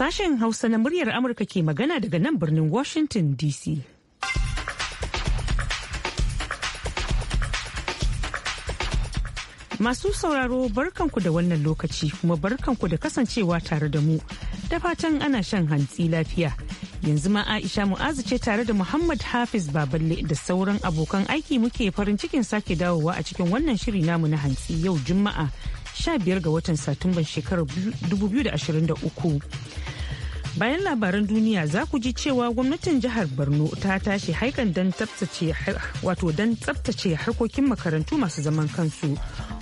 Sashen Hausa na muryar Amurka ke magana daga nan birnin Washington DC. Masu sauraro barkanku da wannan lokaci kuma barkanku da kasancewa tare da mu. Da fatan ana shan hantsi lafiya. Yanzu ma Aisha Mu'azu ce tare da Muhammad Hafiz Baballe da sauran abokan aiki muke farin cikin sake dawowa a cikin wannan shiri namu na hantsi yau Juma'a 15 ga watan Satumban shekarar 2023. bayan labaran duniya za ku ji cewa gwamnatin jihar borno ta tashi haikan don tsabtace harkokin makarantu masu zaman kansu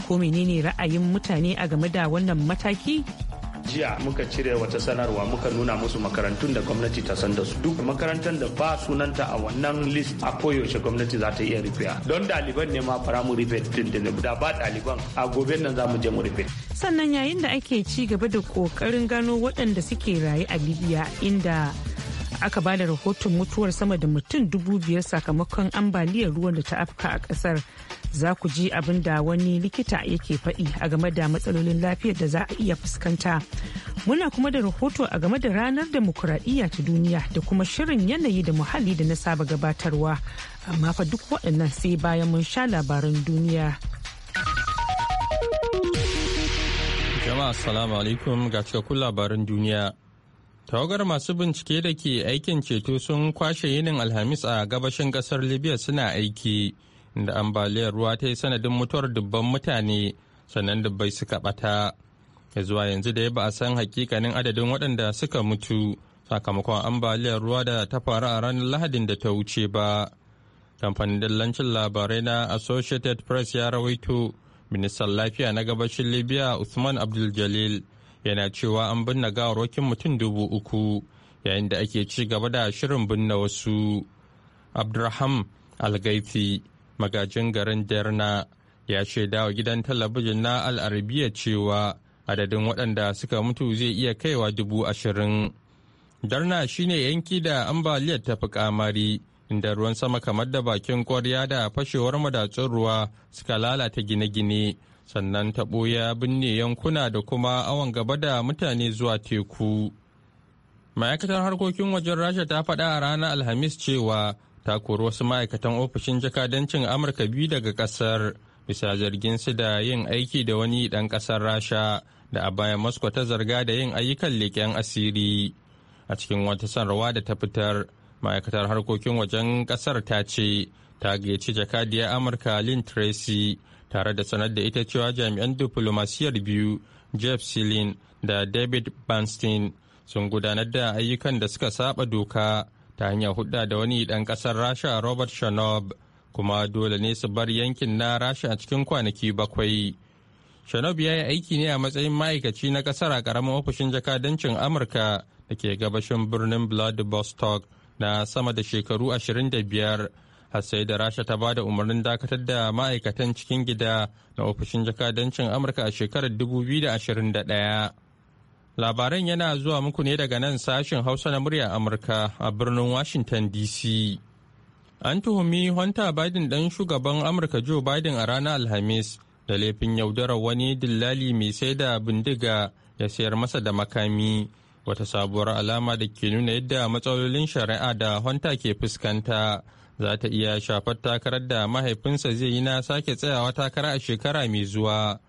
ko menene ra'ayin mutane a game da wannan mataki jiya muka cire wata sanarwa muka nuna musu makarantun da gwamnati ta san da su duk makarantar da ba sunanta a wannan list a koyaushe gwamnati za ta iya rufiya don ɗaliban ne ma fara mu rufe din da ba ɗaliban a gobe nan za mu je mu rufe sannan yayin da ake ci gaba da kokarin gano waɗanda suke raye a libya inda aka ba da rahoton mutuwar sama da mutum dubu biyar sakamakon ambaliyar ruwan da ta afka a kasar za ku ji abin da wani likita yake faɗi a game da matsalolin lafiyar da za a iya fuskanta muna kuma da rahoto a game da ranar demokuraɗiyya ta duniya da kuma shirin yanayi da muhalli da na saba gabatarwa amma fa duk waɗannan sai bayan mun sha labaran duniya Jama'a Assalamu alaikum ga cikakkun labaran duniya. Tawagar masu bincike da ke aikin ceto sun kwashe yinin Alhamis a gabashin kasar Libya suna aiki, inda ambaliyar ruwa ta yi sanadin mutuwar dubban mutane sannan dubbai suka bata. Ya zuwa yanzu da ya ba a san hakikanin adadin waɗanda suka mutu sakamakon ambaliyar ruwa da ta faru a ranar Lahadin da ta wuce ba. Kamfanin dallancin labarai na Associated Press ya rawaito ministan lafiya na gabashin libya usman abdul-jalil yana cewa an binne gawarwakin mutum dubu uku yayin da ake ci gaba da shirin binne wasu abdurraham algaifi magajin garin derna ya shaida wa gidan talabijin na al'arabiya cewa adadin waɗanda suka mutu zai iya kaiwa dubu ashirin darna shine yanki da ambaliyar tafi kamari inda ruwan sama kamar da bakin kwarya da fashewar madatsun ruwa suka lalata gine-gine sannan taɓo ya binne yankuna da kuma awon gaba da mutane zuwa teku ma'aikatar harkokin wajen rasha ta faɗa a ranar alhamis cewa ta kori wasu ma'aikatan ofishin jakadancin amurka biyu daga ƙasar bisa zargin su da yin aiki da wani ɗan ƙasar rasha da a baya moscow ta zarga da yin ayyukan leƙen asiri a cikin wata sanarwa da ta fitar ma'aikatar harkokin wajen kasar ta ce ta gayyaci jakadiyar amurka lynn tracy tare da sanar da ita cewa jami'an diflomasiyyar biyu jeff silin da david bernstein sun gudanar da ayyukan da suka saba doka ta hanyar hudda da wani dan kasar rasha robert shanob kuma dole ne su bar yankin na rasha a cikin kwanaki bakwai shanob ya yi aiki ne a matsayin ma'aikaci na kasar a karamin ofishin jakadancin amurka da ke gabashin birnin vladivostok na sama da shekaru 25 har sai da rasha ta ba da umarnin dakatar da ma'aikatan cikin gida na ofishin jakadancin amurka a shekarar 2021 labaran yana zuwa muku ne daga nan sashen hausa na murya amurka a birnin washington dc an tuhumi hunter biden dan shugaban amurka joe biden a ranar alhamis da laifin yaudarar wani dillali mai sai da bindiga ya sayar masa da makami wata sabuwar alama da ke nuna yadda matsalolin shari'a da hanta ke fuskanta za ta iya shafar takarar da mahaifinsa zai yi na sake tsayawa takara a shekara mai zuwa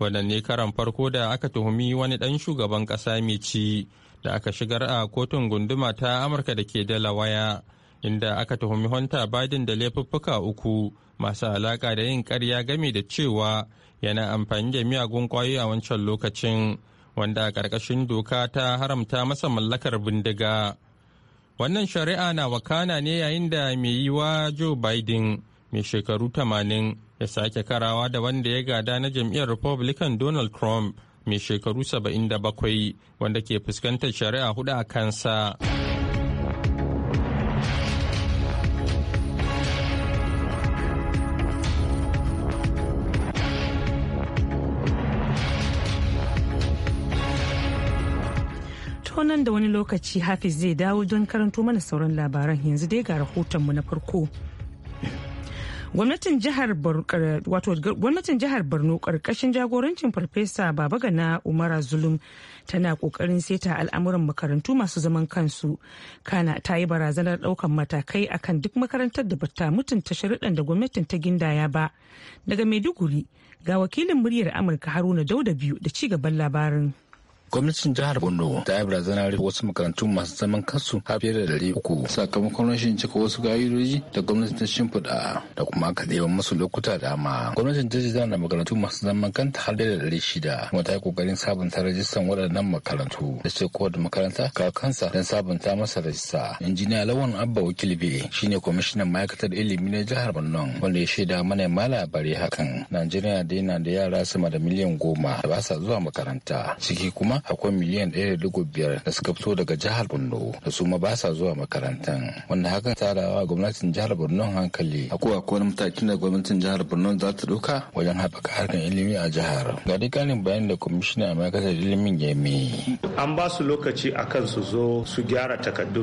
wadanne karan farko da aka tuhumi wani ɗan shugaban ƙasa mai ci da aka shigar a kotun gunduma ta amurka da ke waya inda aka tuhumi hunter biden da laifuffuka uku masu alaƙa da yin karya game da cewa yana amfani da miyagun kwayoyi a wancan lokacin wanda a ƙarƙashin doka ta haramta masa mallakar bindiga. Wannan shari'a na wakana ne yayin da mai wa Joe Biden mai shekaru 80 ya sake karawa da wanda ya gada na jam'iyyar Republican Donald Trump mai shekaru 77 wanda ke fuskantar shari'a hudu a kansa. nan da wani lokaci hafiz zai dawo don karanto mana sauran labaran yanzu dai ga rahotonmu na farko gwamnatin jihar borno karkashin jagorancin farfesa gana umara zulum tana kokarin seta al'amuran makarantu masu zaman kansu kana ta yi barazanar daukan matakai akan duk makarantar da bata mutunta sharuɗan da gwamnatin ta gindaya ba daga maiduguri ga wakilin muryar amurka haruna dauda biyu da ci gaban labarin gwamnatin jihar borno ta yi barazanar wasu makarantu masu zaman kansu har fiye da dari uku sakamakon rashin cika wasu ga'idoji da gwamnatin ta shimfiɗa da kuma aka ɗeban masu lokuta dama gwamnatin ta jihar da makarantu masu zaman kanta har da dari shida kuma ta yi ƙoƙarin sabunta rajistan waɗannan makarantu da ce kowace makaranta ka kansa don sabunta masa rajista injiniya lawan abba wakilbe shine kwamishinan ma'aikatar ilimi na jihar borno wanda ya shaida ma labarai hakan najeriya dai yana da yara sama da miliyan goma da ba sa zuwa makaranta ciki kuma kuma akwai miliyan ɗaya da dugu biyar da suka fito daga jihar borno da su ma ba sa zuwa makarantan wanda hakan tarawa gwamnatin jihar borno hankali akwai akwai matakin da gwamnatin jihar borno za ta ɗauka wajen haɓaka harkar ilimi a jihar ga kanin bayanin bayani da kwamishina a ma'aikatar ilimin yami an ba su lokaci kan su zo su gyara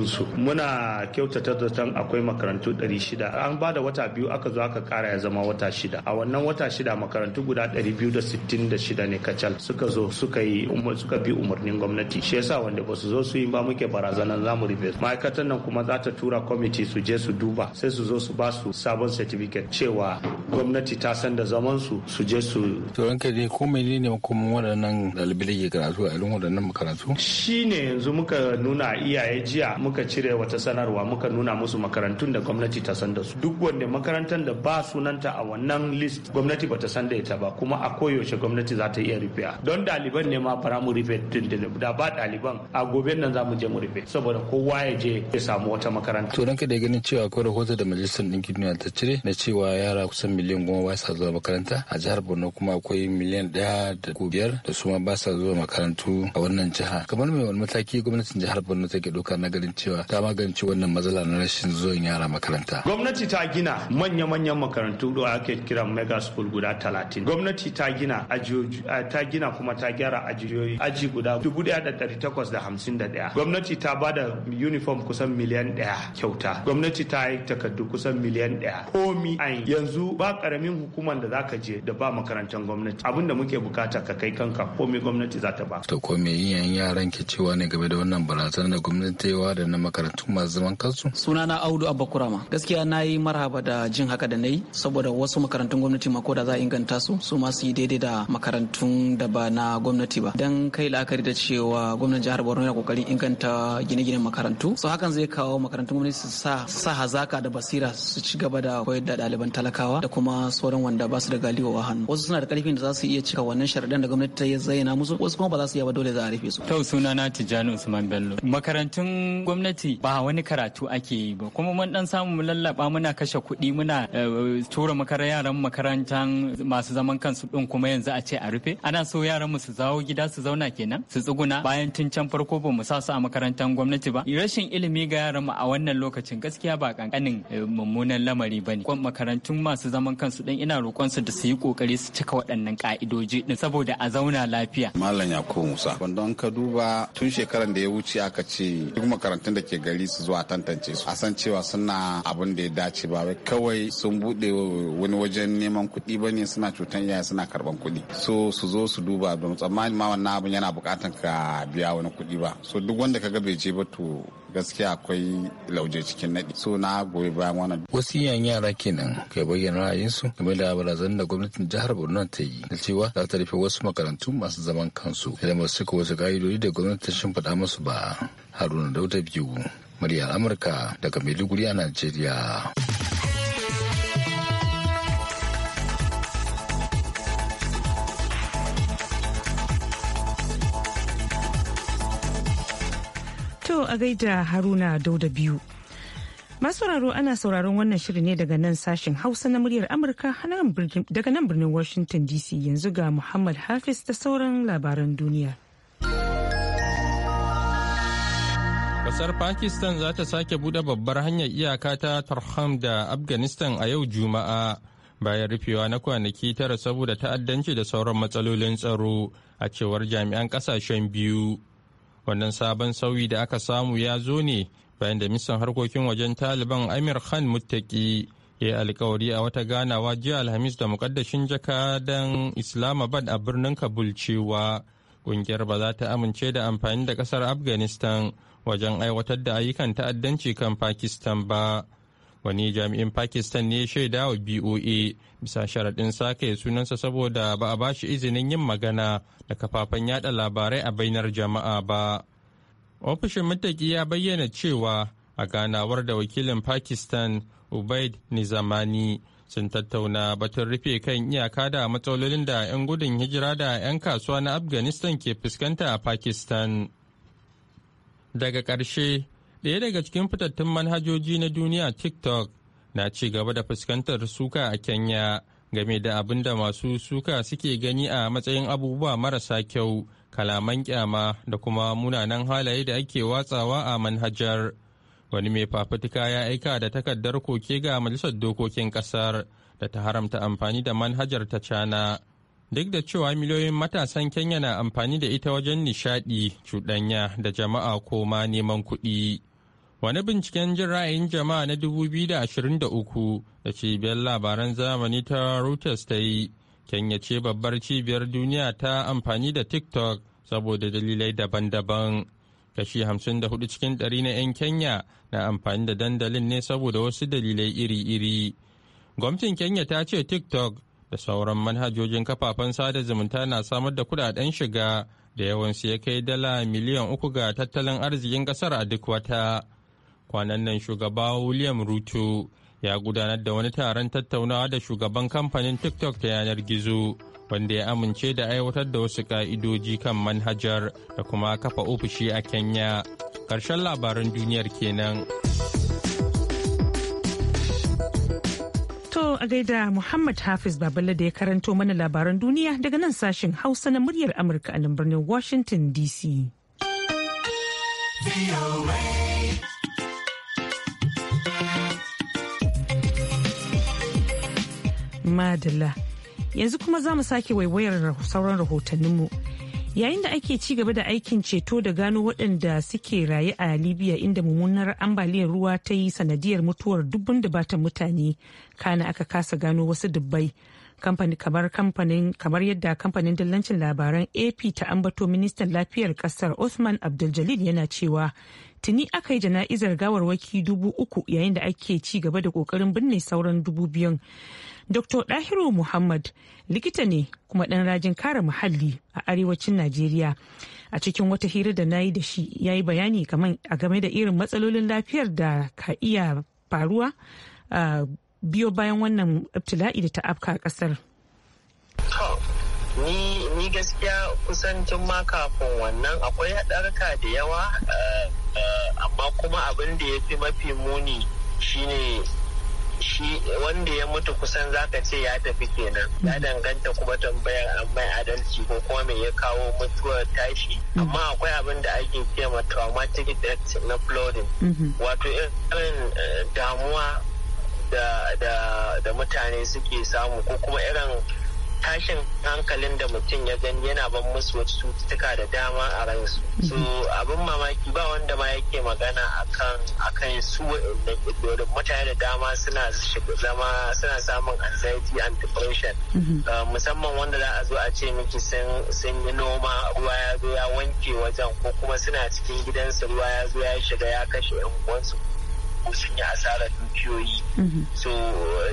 su. muna kyautata zaton akwai makarantu 600 an ba da wata biyu aka zo aka kara ya zama wata shida a wannan wata shida makarantu guda da shida ne kacal suka zo suka yi suka bi umarnin gwamnati shi yasa wanda ba su zo su yi ba muke barazanan za mu rufe ma'aikatan nan kuma za ta tura kwamiti su je su duba sai su zo su ba su sabon certificate cewa gwamnati ta san da zaman su su je su to ranka dai ko menene kuma waɗannan dalibai da ke karatu a irin waɗannan makarantu shine yanzu muka nuna iyaye jiya muka cire wata sanarwa muka nuna musu makarantun da gwamnati ta san da su duk wanda makarantar da ba sunanta a wannan list gwamnati ba ta san da ita ba kuma a koyaushe gwamnati za ta iya rufe don ɗaliban ne ma fara mu rufe da ba ɗaliban a gobe nan za mu je mu rufe saboda kowa ya je ya samu wata makaranta. to ranka da ganin cewa akwai rahoto da majalisar ɗinkin duniya ta cire na cewa yara kusan miliyan goma ba sa zuwa makaranta a jihar borno kuma akwai miliyan ɗaya da biyar da suma ma ba sa zuwa makarantu a wannan jiha kamar mai wani mataki gwamnatin jihar borno take ɗauka na ganin cewa ta magance wannan matsala na rashin zuwan yara makaranta. gwamnati ta gina manya-manyan makarantu da ake kira mega school guda talatin gwamnati ta gina ta gina kuma ta gyara ajiyoyi aji guda 1851 gwamnati ta ba da uniform kusan miliyan daya kyauta gwamnati ta yi takardu kusan miliyan daya komi a yanzu ba karamin hukumar da zaka je da ba makarantar gwamnati abin da muke bukata ka kai kanka komi gwamnati za ta ba to ko me yin yaran ke cewa ne game da wannan barazana da gwamnati ta da na makarantu masu zaman kansu sunana audu abba kurama gaskiya na yi marhaba da jin haka da nayi saboda wasu makarantun gwamnati ma ko da za a inganta su su ma su yi daidai da makarantun da ba na gwamnati ba dan kai la'akari da cewa gwamnan jihar Borno yana kokarin inganta gine-ginen makarantu. So hakan zai kawo makarantun gwamnati su sa sa hazaka da basira su ci gaba da koyar da ɗaliban talakawa da kuma sauran wanda ba su da galiwa hannu. Wasu suna da karfin da za su iya cika wannan sharaɗin da gwamnati ta zayyana musu wasu kuma ba za su iya ba dole za a rufe su. Tau suna na Tijjani Usman Bello. Makarantun gwamnati ba wani karatu ake yi ba kuma mun dan samu mu lallaba muna kashe kuɗi muna eh, tura makarar yaran makarantan masu zaman kansu din kuma yanzu a ce a rufe. Ana so yaran mu su zawo gida su zauna ke kenan su tsuguna bayan tun can farko ba mu sa su a makarantar gwamnati ba rashin ilimi ga yaran mu a wannan lokacin gaskiya ba kankanin eh, mummunan lamari ba ne makarantun masu zaman kansu din ina roƙon su da su yi kokari su cika waɗannan ka'idoji din saboda a zauna lafiya malam yakubu musa wanda ka duba tun shekaran da ya wuce aka ce duk makarantun da ke gari su zuwa tantance su a san cewa suna abin da ya dace ba wai kawai sun bude wani wajen neman kuɗi ba suna cutan yaya suna karban kuɗi so su zo su duba don tsammani ma wannan abin yana bukatan ka biya wani kuɗi ba so duk wanda ka ga bai je ba to gaskiya akwai lauje cikin naɗi so na goyi bayan wannan wasu yan yara kenan kai bayyana su game da barazan da gwamnatin jihar borno ta yi da cewa za ta rufe wasu makarantu masu zaman kansu idan ba su wasu ka'idodi da gwamnati ta shimfiɗa musu ba haruna dauda biyu muryar amurka daga maiduguri a najeriya To a gaida Haruna Dauda biyu. Masu sauraro ana sauraron wannan shirin ne daga nan sashen Hausa na muryar Amurka daga nan birnin Washington DC yanzu ga Muhammad Hafiz da sauran labaran duniya. Kasar Pakistan za ta sake bude babbar hanyar iyaka ta Tarham da Afghanistan a yau Juma'a bayan rufewa na kwanaki tara saboda ta'addanci da sauran matsalolin tsaro a cewar jami'an kasashen biyu. wannan sabon sauyi da aka samu ya zo ne bayan da misan harkokin wajen taliban amir khan muttaki ya yi alkawari a wata ganawa jiya alhamis da mukaddashin jakadan islamabad a birnin kabul cewa kungiyar ba za ta amince da amfani da kasar afghanistan wajen aiwatar da ayyukan ta'addanci kan pakistan ba wani jami'in pakistan ne shaida wa boa bisa sharaɗin sake sunansa saboda ba a bashi izinin yin magana da kafafen yada labarai a bainar jama'a ba ofishin mataki ya bayyana cewa a ganawar da wakilin pakistan ubaid nizamani sun tattauna batun rufe kan iyaka da matsalolin da 'yan gudun hijira da 'yan kasuwa na afghanistan ke fuskanta a pakistan daga ƙarshe ɗaya daga cikin fitattun manhajoji na duniya tiktok na ci gaba da fuskantar suka a kenya game da abin da masu suka suke gani a matsayin abubuwa marasa kyau kalaman kyama da kuma munanan halaye da ake watsawa a manhajar wani mai fafutuka ya aika da takardar koke ga majalisar dokokin kasar da ta haramta amfani da manhajar ta cana duk da cewa miliyoyin matasan kenya na amfani da ita wajen nishadi cuɗanya da jama'a ko ma neman kuɗi Wani binciken jin ra'ayin jama'a na 2023 da cibiyar labaran zamani ta Reuters ta yi, Kenya ce babbar cibiyar duniya ta amfani da TikTok saboda dalilai daban-daban. Kashi 54 cikin ɗari na 'yan Kenya na amfani da dandalin ne saboda wasu dalilai iri-iri. Gwamnatin Kenya ta ce TikTok da sauran manhajojin kafafen sada zumunta na samar da kudaden shiga da yawansu ya kai dala miliyan uku ga tattalin arzikin kasar a duk wata. kwanan nan shugaba william ruto ya gudanar da wani taron tattaunawa da shugaban kamfanin tiktok ta yanar gizo wanda ya amince da aiwatar da wasu ka'idoji kan manhajar da kuma kafa ofishi a kenya karshen labaran duniyar kenan to a gaida muhammad hafiz babala da ya karanto mana labaran duniya daga nan sashen hausa na muryar amurka a nan birnin washington dc Madalla. Yanzu kuma za mu sake waiwayar sauran rahotanninmu. Yayin da ake ci gaba da aikin ceto da gano waɗanda suke raye a Libya inda mummunar ambaliyar ruwa ta yi sanadiyar mutuwar da bata mutane, kana aka kasa gano wasu dubbai. kamfani kamar kamfanin kamar yadda kamfanin dillancin labaran AP ta ambato ministan lafiyar kasar usman Abdul-Jalil yana cewa tuni aka yi jana'izar gawarwaki dubu uku yayin da ake ci gaba da kokarin binne sauran dubu biyun. Dr. Dahiru Muhammad likita ne kuma dan rajin kare muhalli a arewacin Najeriya. A cikin wata hira da na yi da shi ya yi bayani a game da irin matsalolin lafiyar da ka iya faruwa ah, biyo bayan wannan ibtila'i da ta afka kasar. ni gaskiya kusan tun ma kafin wannan akwai haɗarka da yawa eh, eh, amma kuma abin da ya fi mafi muni shine shi wanda ya mutu kusan zaka ce ya tafi kenan mm. ya danganta kuma tambayar an mai adalci ko kuma me ya kawo mutuwar tashi mm. amma akwai abin da ake ce ma traumatic death na flooding mm-hmm. wato irin eh, damuwa da mutane suke samu ko kuma irin tashin hankalin da mutum ya gani yana ban musu wasu cututtuka da dama a ransu so abin mamaki ba wanda ma yake magana akan akan su wa'annan mutane da dama suna zama suna samun anxiety and depression mm-hmm. ah, musamman wanda za a zo a ce miki sun yi noma ruwa ya zo ya wanke wajen ko kuma suna cikin gidansu ruwa ya zo ya shiga ya kashe yan uwansu ko sun yi asarar dukiyoyi mhm. so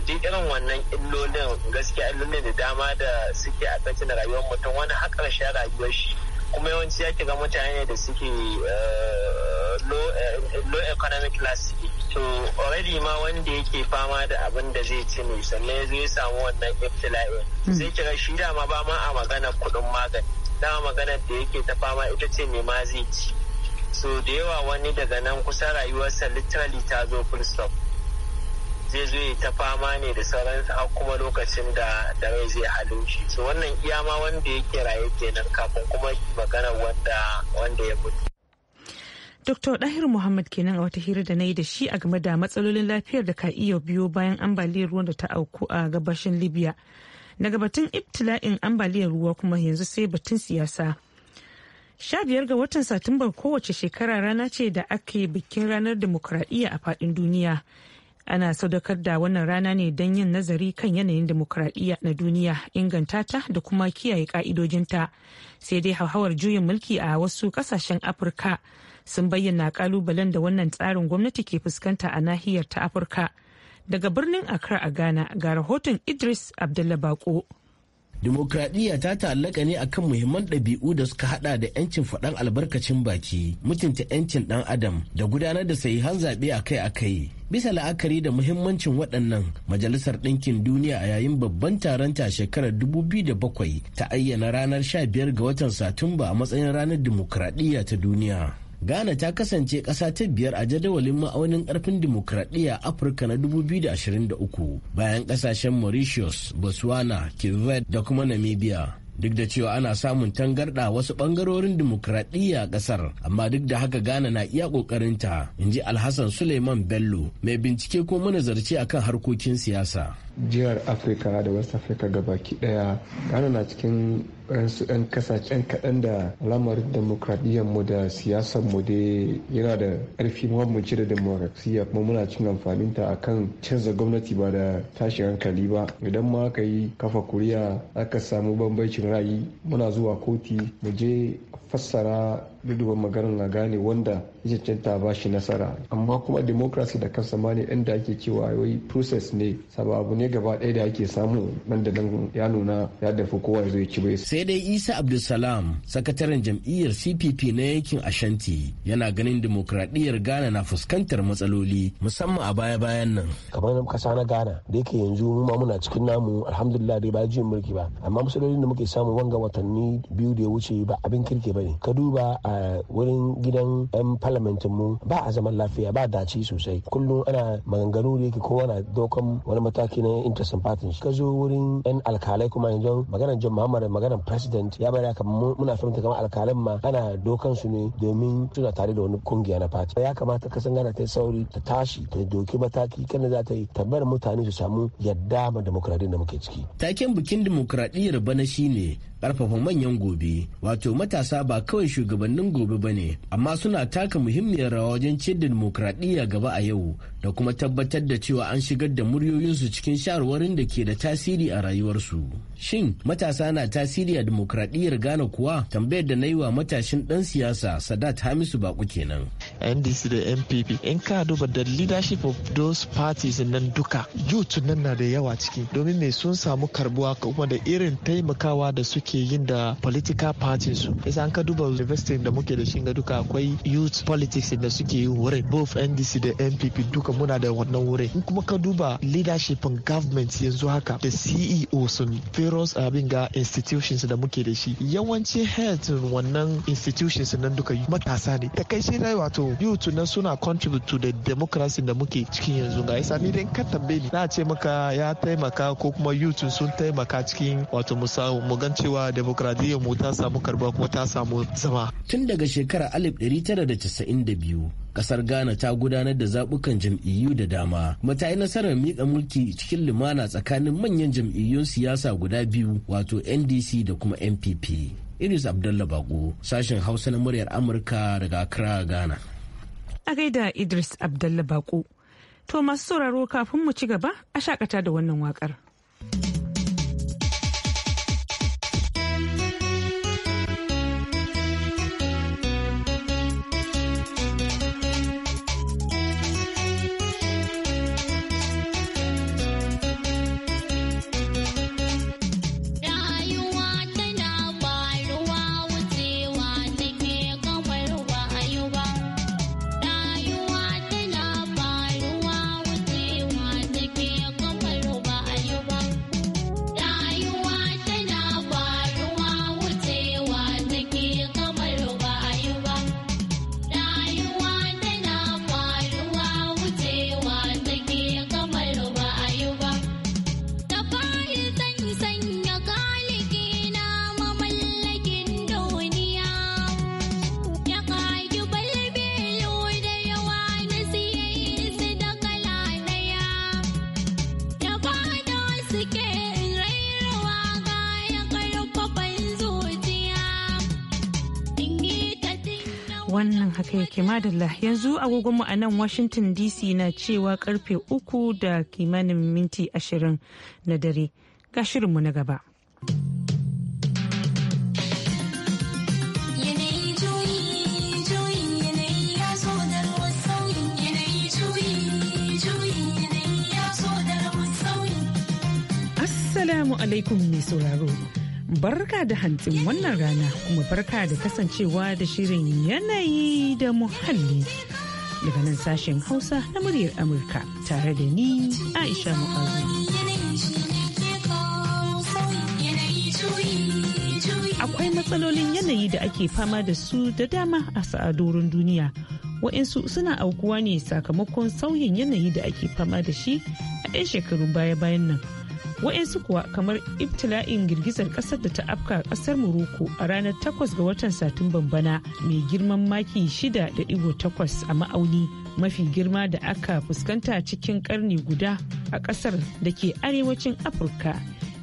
duk irin wannan illolin gaskiya illolin da dama da suke a tattalin rayuwar mutum wani har a rayuwar shi kuma yawanci ya ga mutane da suke eh, eh, low economic class So, already ma wanda yake fama da abin da zai ci ne sannan zai samu wannan iftila'in Zai mhm. kira shi dama ba ma a maganar kuɗin magani dama maganar da yake ta fama ita ce ne ma zai ci so da yawa wani daga nan kusa rayuwarsa literally ta zo full stop zai zo ya ta fama ne da sauran har kuma lokacin da da rai zai halu shi so wannan iya wanda yake raye kenan kafin kuma magana wanda wanda ya mutu Dr. Dahir Muhammad kenan a wata hira da na yi da shi a game da matsalolin lafiyar da ka iya biyo bayan ambaliyar ruwan da ta auku a gabashin Libya. Daga batun ibtila'in ambaliyar ruwa kuma yanzu sai batun siyasa. sha biyar ga watan satumbar kowace shekara rana ce da ake bikin ranar demokradiyya a faɗin duniya ana sadaukar da wannan rana ne don yin nazari kan yanayin demokradiyya na duniya inganta ta da kuma kiyaye ka'idojinta sai dai hauhawar juyin mulki a wasu ƙasashen afirka sun bayyana ƙalubalen da wannan tsarin gwamnati ke fuskanta a nahiyar ta afirka daga birnin accra a ghana ga rahoton idris abdullabako Dimokuraɗiyya ta ta'allaka ne akan muhimman ɗabi'u da suka haɗa da 'yancin faɗan albarkacin baki, mutunta 'yancin ɗan adam da gudanar da sahihan zaɓe akai-akai. Bisa la'akari da muhimmancin waɗannan, Majalisar Ɗinkin Duniya a yayin babban taronta shekarar 2007 ta ayyana ranar 15 ga watan Satumba a matsayin ranar dimokuraɗiyya ta duniya. ghana ta kasance ƙasa ta biyar a jadawalin ma'aunin ƙarfin dimokuraɗiyya afirka na 2023 bayan ƙasashen mauritius botswana kivet da kuma namibia duk da cewa ana samun tangarɗa wasu ɓangarorin dimokuraɗiyya a ƙasar amma duk da haka ghana na iya ƙoƙarinta in ji alhassan suleiman bello mai bincike ko manazarci akan harkokin siyasa jihar afirka da west africa gabaki daya ghana na cikin ransu 'yan kasashen kaɗan da alamar mu da siyasar mu dai yana da ƙarfi ci da demokrasiya kuma muna cin amfanin ta akan canza gwamnati ba da tashin hankali ba idan ma aka yi kafa kuriya aka samu bambancin ra'ayi muna zuwa koti mu je fassara duduba maganar na gane wanda ya ta ba shi nasara amma kuma democracy da kansa ma ne inda ake cewa yi process ne sababu ne gaba ɗaya da ake samu nan da nan ya nuna ya dafa kowa zai ci bai sai dai isa abdulsalam sakataren jam'iyyar cpp na yankin ashanti yana ganin demokradiyyar ghana na fuskantar matsaloli musamman a baya-bayan nan kamar kasa na ghana da yake yanzu mu ma muna cikin namu alhamdulillah dai ba juyin mulki ba amma matsalolin da muke samu wanga watanni biyu da ya wuce ba abin kirke ba ne ka duba a wurin gidan 'yan parlamentin mu ba a zaman lafiya ba dace sosai kullum ana maganganu da yake kowa na dokan wani mataki na interesting party ka zo wurin 'yan alkalai kuma yanzu maganar john muhammad maganar president ya bari kamar muna fahimta kamar alkalan ma ana dokan su ne domin suna tare da wani kungiya na party ya kamata ka san gana ta sauri ta tashi ta doki mataki kan za ta yi tabbar mutane su samu yadda ma demokradiyya da muke ciki taken bikin demokradiyyar bana shine karfafa manyan gobe wato matasa ba kawai shugabannin gobe ba ne amma suna taka muhimmiyar rawa wajen ciyar da dimokuraɗiyya gaba a yau da kuma tabbatar da cewa an shigar da muryoyinsu cikin shawarwarin da ke da tasiri a rayuwarsu shin matasa na tasiri a dimokuraɗiyyar gane kuwa tambayar da na yi wa matashin dan siyasa sadat hamisu baku kenan ndc da npp in ka duba da leadership of those parties nan duka youth nan na da yawa ciki domin me sun samu karbuwa kuma da irin taimakawa da suke suke yin da political parties su yasa an ka duba university da muke da shi ga duka akwai youth politics da suke yi wurin both ndc da npp duka muna da wannan wurin in kuma ka duba leadership government yanzu haka da ceo sun various uh, abin ga institutions da muke da shi yawanci head wannan institutions nan duka matasa ne takaice na wato youth nan suna contribute to the democracy da muke cikin yanzu ga yasa ni dai ka tambaye ni na ce maka ya taimaka ko kuma youth sun taimaka cikin wato mu gan cewa cewa demokradiyyar mu ta samu karba kuma ta samu zama. Tun daga shekarar 1992 kasar Ghana ta gudanar da zabukan jam'iyyu da dama. Mata yi nasarar miƙa mulki cikin lumana tsakanin manyan jam'iyyun siyasa guda biyu wato NDC da kuma NPP. Idris Abdullah Bago, sashen Hausa na muryar Amurka daga Accra, Ghana. A gaida Idris Abdullah Bako. To masu sauraro kafin mu ci gaba a shakata da wannan wakar. haka yake madalla yanzu agogonmu a nan washington dc na cewa karfe uku da kimanin minti ashirin na dare ga shirinmu na gaba Assalamu alaikum mai sauraro Barka da hantsin wannan rana kuma barka da kasancewa da shirin yanayi da muhalli. Daga nan sashen Hausa na muryar Amurka tare da ni Aisha mukazu Akwai matsalolin yanayi da ake fama da su da dama a sa'adorin duniya. Wa'insu suna aukuwa ne sakamakon sauyin yanayi da ake fama da shi a 'yan shekarun baya-bayan nan. wa'insu kuwa kamar ibtila'in girgizar kasar da ta afka kasar morocco a ranar 8 ga watan satumban bana mai girman maki 6.8 a ma'auni mafi girma da aka fuskanta cikin karni guda a kasar da ke arewacin afirka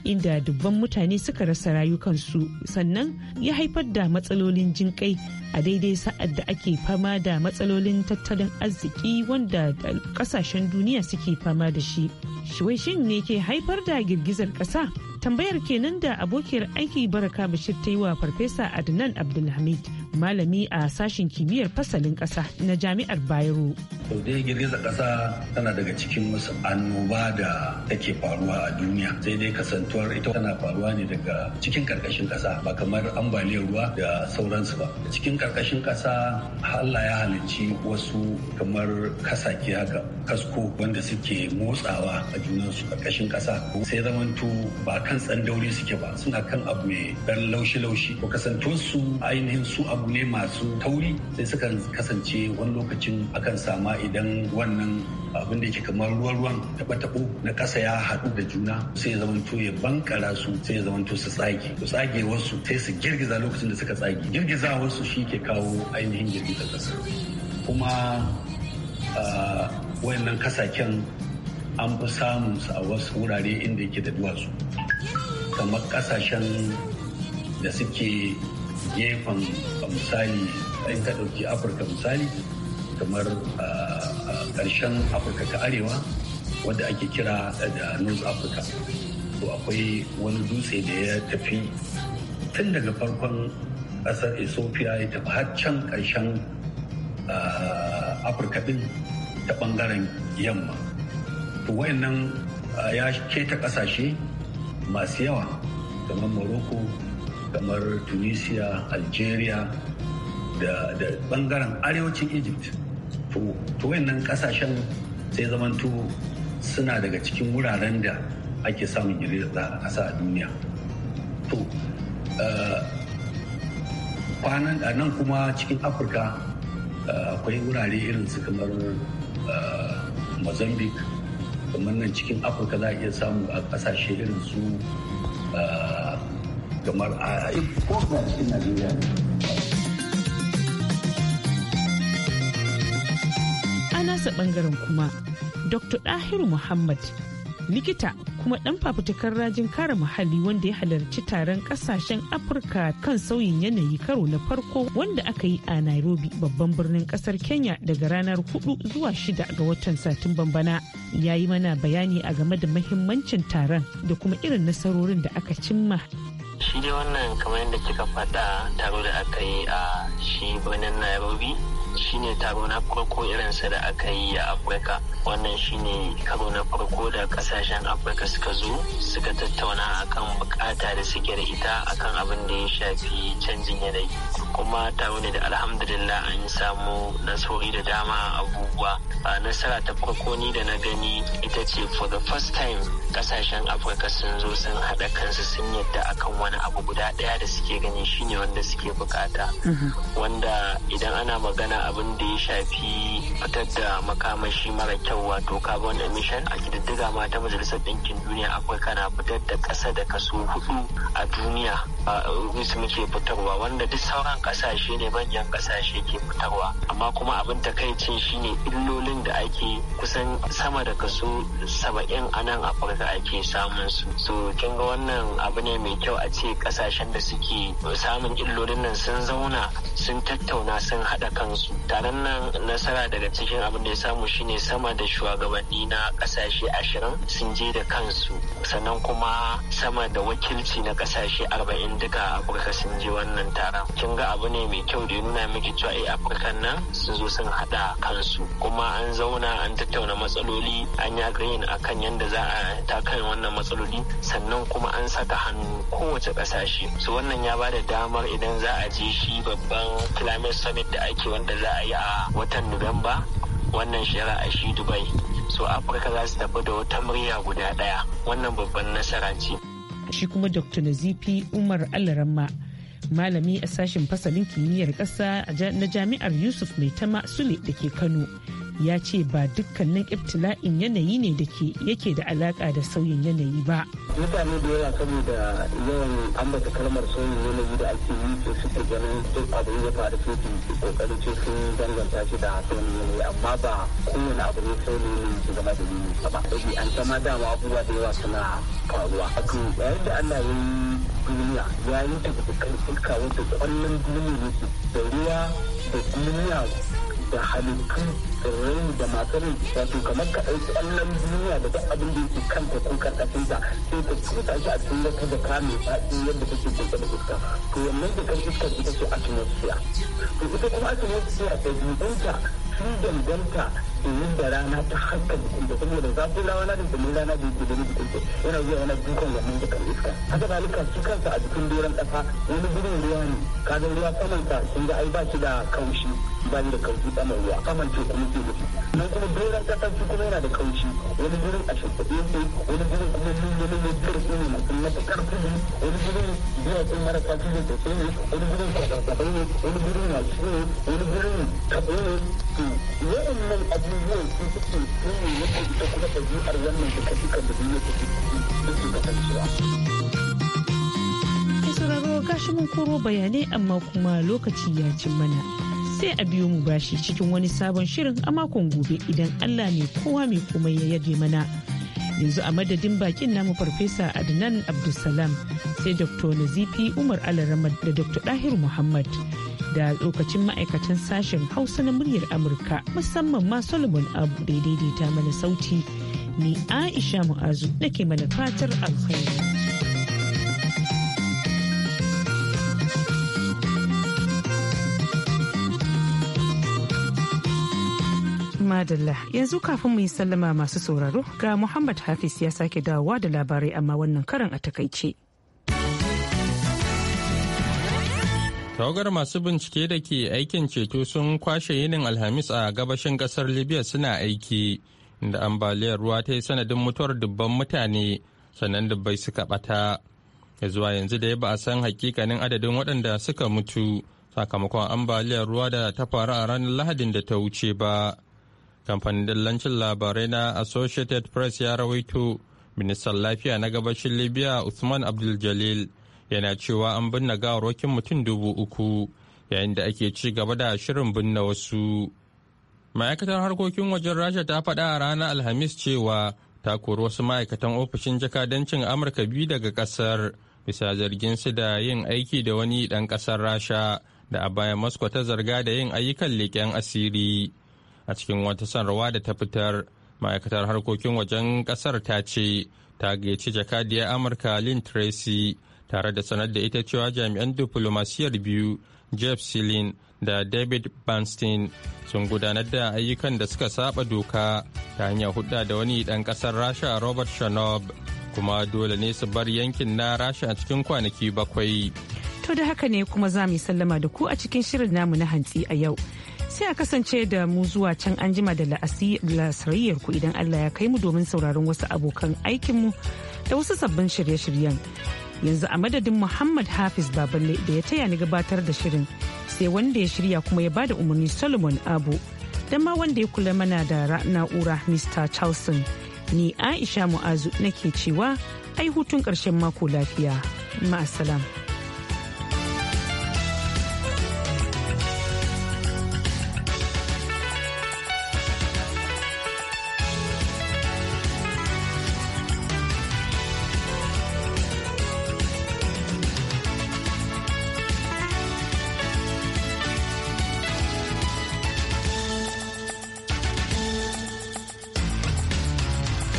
inda dubban mutane suka rasa rayukansu sannan ya haifar da matsalolin jinƙai a daidai sa'ad da ake fama da matsalolin tattalin arziki wanda kasashen duniya suke fama da shi. Shin ne ke haifar da girgizar ƙasa? tambayar kenan da abokiyar aiki baraka bashir ta yi wa farfesa adnan abdulhamid malami a sashen kimiyyar fasalin ƙasa na jami'ar bayero sau dai girgizar ƙasa tana daga cikin wasu annoba da take faruwa a duniya sai dai kasantuwar ita tana faruwa ne daga cikin ƙarƙashin ƙasa ba kamar ambaliyar ruwa da sauransu ba cikin karkashin kasa allah ya halicci wasu kamar kasake haka kasko wanda suke motsawa a junansu ƙarƙashin ƙasa sai zamanto ba kan tsandauri suke ba suna kan abu mai dan laushi-laushi ko kasantuwar ainihin su abu ne masu tauri sai suka kasance wani lokacin akan sama idan wannan abin da yake kamar ruwan-ruwan taɓa-taɓo na kasa ya haɗu da juna sai ya zamanto ya bankara su sai ya zamanto su tsage su tsage wasu sai su girgiza lokacin da suka tsage girgiza wasu shi ke kawo ainihin girgizar ƙasa kuma wayannan kasaken an fi samun su a wasu wurare inda yake da duwatsu kamar kasashen da suke gefen misali in ka ɗauki afirka misali kamar ƙarshen afirka ta arewa wadda ake kira eh, da north africa to akwai wani dutse da ya tafi tun daga farkon ƙasar ethiopia ya tafi har can ƙarshen afirka ɗin ta ɓangaren yamma to wayannan ya keta ƙasashe masu yawa kamar morocco kamar tunisia algeria da, bangaren arewacin egypt to wayannan kasashen sai zamanto suna daga cikin wuraren da ake samun girgizar ƙasa a duniya to eh, kwanan a nan kuma cikin afirka eh, akwai wurare irin su kamar eh, mozambique kamar nan cikin afirka za a iya samu a kasashe irin su kamar a eh, cikin najeriya a nasa bangaren kuma dr dahiru muhammad likita kuma ɗan fafutukar rajin kare muhalli wanda ya halarci taron ƙasashen Afirka kan sauyin yanayi karo na farko wanda aka yi a Nairobi babban birnin ƙasar Kenya daga ranar 4 zuwa 6 ga watan Satumban bana. Ya yi mana bayani a game da mahimmancin taron da kuma irin nasarorin da aka cimma. Shi dai wannan kamar yadda kika faɗa taro da aka yi a shi birnin Nairobi shine taro na farko irin sa da aka yi a afirka wannan shine karo na farko da kasashen afirka suka zo suka tattauna akan bukata da suke da ita akan abin da ya shafi canjin yanayi kuma taro ne da alhamdulillah an samu nasori da dama abubuwa A nasara ta farko ni da na gani ita ce for the first time kasashen afirka sun zo sun haɗa kansu sun yadda akan wani abu guda ɗaya da suke gani shine wanda suke bukata mm-hmm. wanda idan ana magana abin da ya shafi fitar da makamashi mara kyau wato carbon emission a kididdiga ma ta majalisar ɗinkin duniya akwai kana fitar da ƙasa da kaso hudu a duniya uh, su muke fitarwa wanda duk sauran ƙasashe ne manyan ƙasashe ke fitarwa amma kuma abin ta takaicin shine illolin da ake kusan sama da kaso saba'in a nan afirka ake samun su so kin ga wannan abu ne mai kyau a ce ƙasashen da suke samun illolin nan sun zauna sun tattauna sun haɗa kansu taron nan nasara daga cikin abin da ya samu shine sama da shugabanni na kasashe ashirin sun je da kansu sannan kuma sama da wakilci na kasashe arba'in duka afirka sun je wannan taron kin ga abu ne mai kyau da ya nuna miki cewa a eh, afirka nan sun zo sun haɗa kansu kuma an zauna an tattauna matsaloli an yi agreeing akan yadda za a takan wannan matsaloli sannan kuma an saka hannu kowace kasashe su wannan ya ba da damar idan za a je shi babban climate summit da ake wanda za a watan nuwamba wannan shara a shi dubai so afirka za su tafi da wata murya guda ɗaya wannan babban nasara ce shi kuma dr nazifi umar alaramma malami a sashen fasalin kimiyyar ƙasa na jami'ar yusuf maitama sule da ke kano ya ce ba dukkanin iftila'in yanayi ne da ke yake da alaka da sauyin yanayi ba. Mutane da yawa saboda yawan ambata kalmar sauyin yanayi da ake yi su suke ganin duk abu ya faru su ke kokarin ce sun danganta shi da sauyin yanayi amma ba kowane abu ne sauyin yanayi su zama da yanayi ba. an dama abubuwa da yawa suna faruwa. Akan yayin da Allah yi duniya ya yi ta da kan iska wanda kwallon duniya da ruwa da duniya da halittun tsirrai da masu rai wato kamar ka ɗauki ƙwallon duniya da duk abin da yake kanta ko sa sai ka cuta shi a cikin wata jaka mai faɗi yadda take kusa da iska to wannan kan iskar ita ce atmosphere to ita kuma atmosphere ɗabi'unta sun danganta domin da rana ta haka da kuma da zafin rana da kuma rana da yake da kuma yana zuwa yana dukan wannan jikan iska haka zalika su kansa a jikin doron ƙasa wani gudun ruwa ne kaga ruwa samanta sun ga ai ba shi da kaushi ba da kaushi mai ruwa saman ce kuma ke mutu nan kuma doron ƙasa su kuma yana da kaushi wani gudun a shimfiɗe yake wani gudun kuma nuna nuna jirgi ne masu mata ƙarfi ne wani mara duwatsun marasa da sosai ne wani gurin kwazazzabai ne wani na masu ne wani gudun taɓo ne to waɗannan abubuwa abubuwan su suke tsoro kuma wannan da ta gashi mun koro bayanai amma kuma lokaci ya cin mana sai a biyo mu bashi cikin wani sabon shirin a makon gobe idan Allah ne kowa mai komai ya yage mana yanzu a madadin bakin namu farfesa adnan abdulsalam sai dr nazifi umar alaramad da dr dahir muhammad da lokacin ma'aikatan sashen hausa na muryar amurka musamman ma solomon abu da daidaita mana sauti ni aisha mu'azu nake mana fatar alkhairi madalla yanzu kafin mu yi sallama masu sauraro ga muhammad hafiz ya sake dawowa da labarai amma wannan karan a takaice. tawagar masu bincike da ke aikin ceto sun kwashe yinin alhamis a gabashin kasar libya suna aiki inda ambaliyar ruwa ta yi sanadin mutuwar dubban mutane sannan dubbai suka bata ya zuwa yanzu da ya ba a san hakikanin adadin waɗanda suka mutu sakamakon ambaliyar ruwa da ta faru a ranar lahadin da ta wuce ba kamfanin dillancin labarai na associated press ya rawaito ministan lafiya na gabashin libya usman abdul jalil yana cewa an binne gawarwakin mutum dubu uku yayin da ake ci gaba da shirin binne wasu ma'aikatar harkokin wajen rasha ta faɗa a ranar alhamis cewa ta kori wasu ma'aikatan ofishin jakadancin amurka biyu daga ƙasar bisa zargin su da yin aiki da wani ɗan ƙasar rasha da a baya moscow ta zarga da yin ayyukan leƙen asiri a cikin wata sanarwa da ta fitar ma'aikatar harkokin wajen ƙasar ta ce ta gayyaci jakadiyar amurka lin tracy tare da sanar da ita cewa jami'an diflomasiyyar biyu jeff silin da david bernstein sun gudanar da ayyukan da suka saba doka ta hanyar hudda da wani dan kasar rasha robert shanob kuma dole ne su bar yankin na rasha a cikin kwanaki bakwai to da haka ne kuma za mu sallama da ku a cikin shirin namu na hantsi a yau sai a kasance da mu zuwa can anjima da la'asariyar ku idan allah ya kai mu domin sauraron wasu abokan aikinmu da wasu sabbin shirye-shiryen yanzu a madadin muhammad hafiz baballe da ya taya ni gabatar da shirin sai wanda ya shirya kuma ya bada umarni solomon abu dama ma wanda ya kula mana da na'ura mr charleston ni aisha mu'azu nake cewa ai hutun ƙarshen mako lafiya ma'asalam.